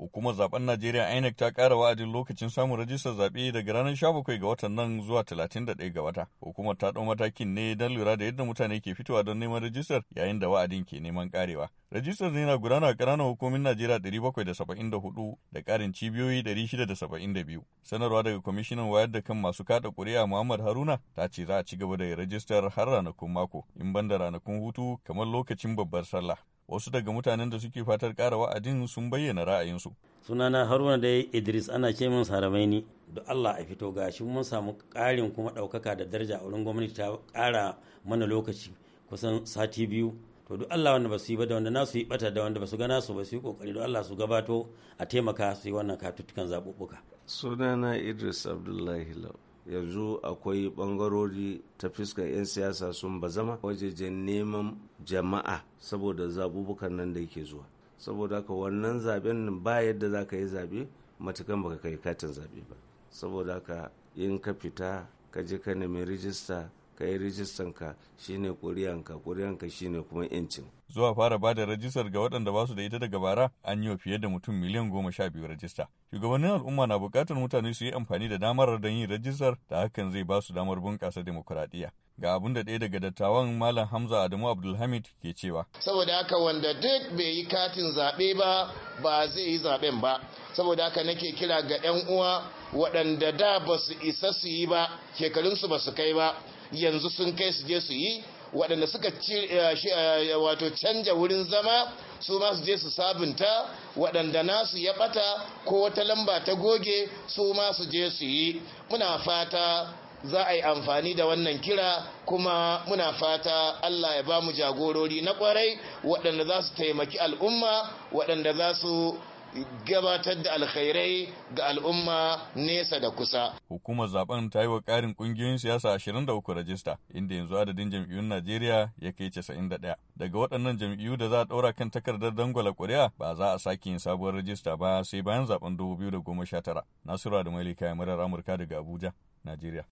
Hukumar zaben Najeriya INEC ta kara wa'adin lokacin samun rajistar zaɓe daga ranar 17 ga watan nan zuwa 31 ga wata. Hukumar ta ɗau matakin ne don lura da yadda mutane ke fitowa don neman rajistar yayin da wa'adin ke neman karewa Rajistar na gudana a ƙananan hukumin Najeriya 774 da ƙarin cibiyoyi 672. Sanarwa daga kwamishinan wayar da kan masu kaɗa ƙuri'a Muhammad Haruna ta ce za a ci gaba da rajistar har ranakun mako in banda ranakun hutu kamar lokacin babbar sallah. wasu daga mutanen da suke fatar ƙara wa'adin sun bayyana ra'ayinsu. sunana haruna da idris ana ce min saramaini da allah a fito gashi mun samu ƙarin kuma ɗaukaka da daraja a wurin gwamnati ta ƙara mana lokaci kusan sati biyu to duk allah wanda ba su yi ba da wanda nasu yi bata da wanda ba su gana su ba su yi kokari da allah su gabato a taimaka su yi wannan katutukan zaɓuɓɓuka sunana idris abdullahi lau yanzu akwai bangarori ta fuskar 'yan siyasa sun ba bazama wajejen neman jama'a saboda zabubukan nan da yake zuwa saboda haka wannan zaben ba yadda za ka yi zabe matukan baka kai katin zabe ba saboda haka yin ka fita ka je ka nemi rijista ka yi rijistan ka shine kuriyanka kuriyanka shine kuma incin zuwa fara bada rajistar ga waɗanda ba su da ita daga bara an yi wa fiye da mutum miliyan goma sha biyu rajista shugabannin al'umma na buƙatar mutane su yi amfani da damar don yin rajistar da hakan zai ba su damar bunƙasa demokuraɗiyya ga abin da ɗaya daga dattawan malam hamza adamu abdulhamid ke cewa saboda haka wanda duk bai yi katin zaɓe ba ba zai yi zaɓen ba saboda haka nake kira ga 'yan uwa waɗanda da ba su isa su yi ba shekarunsu ba su kai ba yanzu sun kai su je su yi waɗanda suka eh, eh, wato canja wurin zama su ma su je su sabunta waɗanda nasu ya ɓata ko wata lamba ta goge su ma su je su yi muna fata za a yi amfani da wannan kira kuma muna fata Allah ya ba mu jagorori na kwarai waɗanda za su taimaki al'umma waɗanda za su gabatar da alkhairai ga al'umma nesa da kusa. Hukumar zaben ta yi wa ƙarin ƙungiyoyin siyasa 23 rajista, inda yanzu adadin jam'iyyun Najeriya ya kai 91. Daga waɗannan jam'iyyu da za a ɗora kan takardar dangwala ƙuri'a ba za a sake yin sabuwar rajista ba sai bayan zaben 2019. Nasura da Malika ya murar Amurka daga Abuja, Najeriya.